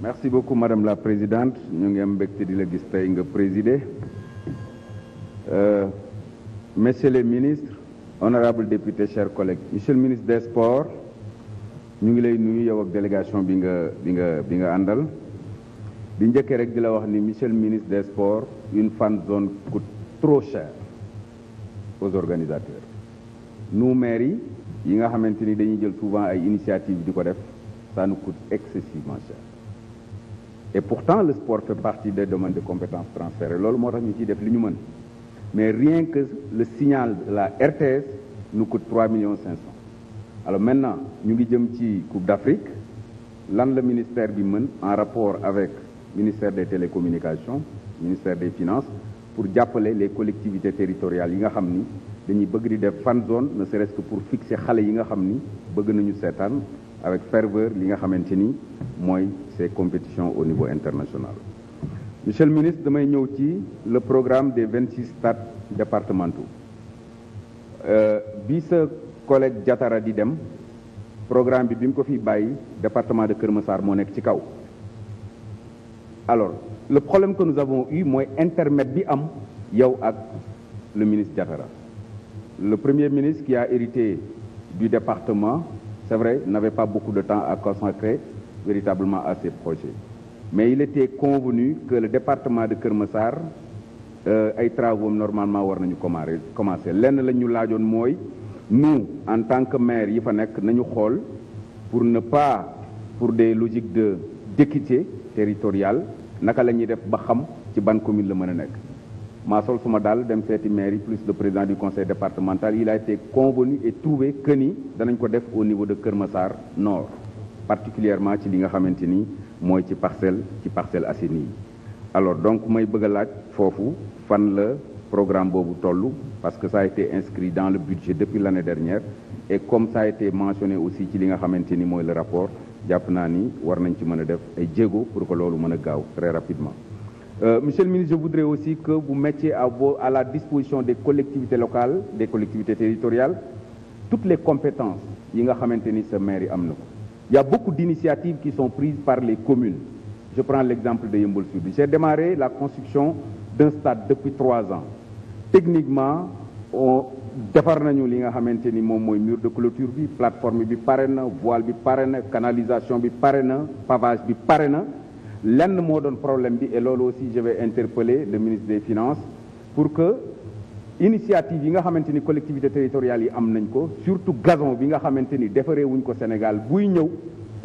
merci beaucoup madame la présidente ñu ngi am mbégte di la gis tey nga présider euh, messieurs les ministres honorables députés chers collègues monsieur le ministre des sports ñu ngi lay nuyu yow ak délégation bi nga bi nga bi nga àndal di njëkkee rek di la wax ni monsieur ministre des sports une fan zone coûte trop cher aux organisateurs nous maires yi nga xamante ni dañu jël souvent ay initiatives di ko def ça nous coûte excessivement cher et pourtant le sport fait partie des domaines de compétences transférées loolu moo tax ñu ciy def li ñu mën mais rien que le signal de la RTS nous coûte 3 millions 500 alors maintenant ñu ngi jëm ci Coupe d'Afrique lan la ministère bi mën en rapport avec ministère des télécommunications ministère des finances pour jàppale les collectivités territoriales yi nga xam ni dañuy bëgg di def fan zone ne serait-ce que pour fixer xale yi nga xam ni bëgg nañu seetaan avec ferveur li nga xamante ni mooy ces compétitions au niveau international monsieur ministre damay ñëw ci le programme de vingt six stades départementaux euh, bi sa collègue Diatara di dem programme bi bi mu ko fi bàyyi département de Kër Massar moo nekk ci kaw alors le problème que nous avons eu mooy intermède bi am yow ak le ministre Diatara le premier ministre qui a hérité du département c'est vrai n'avait pas beaucoup de temps à consacrer véritablement à ces Mais il était convenu que le département de kër Kermessar, euh, ay travaux normalement war nañu commencé commencé lenn la ñu laajoon mooy nous en tant que maire yi fa nekk nañu xool pour ne pas pour de logiques de d'équité territoriale naka la ñuy def ba xam ci ban commune la mën a nekk maa sol suma daal dem seeti maire yi plus le président du conseil départemental il a été convenu et trouvé que ni danañ ko def au niveau de Kër Massar Nord particulièrement ci li nga xamante ni mooy ci parcelle ci Parcelles Assainies yi alors donc may bëgg a laaj foofu fan la programme boobu toll parce que sa a été inscrit dans le budget depuis l'année dernière et comme ça été mentionné aussi ci li nga xamante ni mooy la rapport jàpp naa ni war nañ ci mën a def ay jéego pour que loolu mën a gaaw très rapidement Euh, monsieur le ministre, je voudrais aussi que bu mettiez à, vos, à, la disposition des collectivités locales, des collectivités territoriales, toutes les compétences qui sont maire Il y a beaucoup d'initiatives qui sont prises par les communes. Je prends l'exemple de Yembol Sud. J'ai démarré la construction d'un stade depuis trois ans. Techniquement, on defar nañu li nga xamante ni moom mooy mur de clôture bi plateforme bi pare na voile bi pare na canalisation bi pare na pavage bi pare na lenn moo doon problème bi et loolu aussi je vais interpeller le ministre des finances initiative yi nga xamante ni collectivité territoriale yi am nañ ko surtout gazon bi nga xamante ni defaree ko Sénégal buy ñëw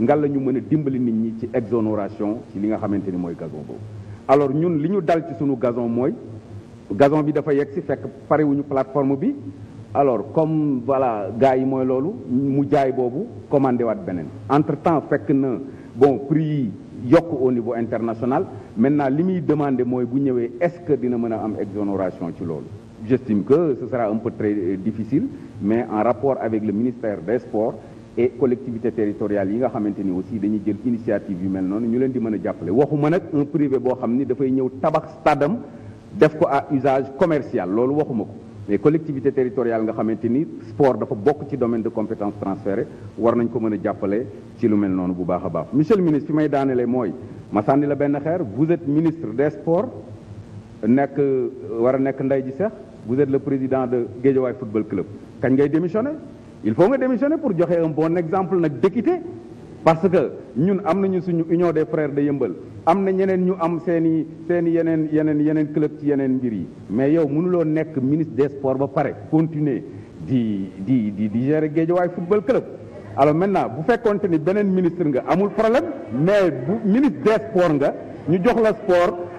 nga la ñu mën a dimbali nit ñi ci exonération ci li nga xamante ni mooy gazon boobu alors ñun li ñu dal ci sunu gazon mooy gazon bi dafa yegg si fekk parewuñu plateforme bi alors comme voilà gars yi mooy loolu mu jaay boobu commandé waat beneen entre temps fekk na bon prix yi yokk au niveau international maintenant li muy demandé mooy bu ñëwee est-ce que dina mën a am exonération ci loolu j'estime que ce sera un peu très euh, difficile mais en rapport avec le ministère des sports et collectivités territoriales yi nga xamante ni aussi dañuy jël initiative yu mel noonu ñu leen di mën a jàppale waxuma nag un privé boo xam ni dafay ñëw tabax stade def ko à usage commercial loolu waxuma ko mais collectivité territoriale nga xamante ni sport dafa bokk ci domaine de compétence transféré war nañ ko mën a jàppale ci lu mel noonu bu baax a baax monsieur le ministre may daanelee mooy ma sànni la benn xeer vous êtes ministre des sports nekk war a nekk nday ji seex vous êtes le président de Guédiawaye Football Club kañ ngay démissionner il faut nga démissionner pour joxe un bon exemple nag d'équité parce que ñun am nañu suñu union des frères de yëmbal am na ñeneen ñu am seen i seen i yeneen yeneen yeneen club ci yeneen mbir yi mais yow mënuloo nekk ministre des sports ba pare continuer di di di di gérer Guédiawaye Football Club alors maintenant bu fekkoonte ni beneen ministre nga amul problème mais bu ministre des sports nga ñu jox la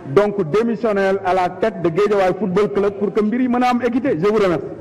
donc démissionnel à la tête de Guédiawaye Football Club pour que mbir yi mën a am équité je vous remercie.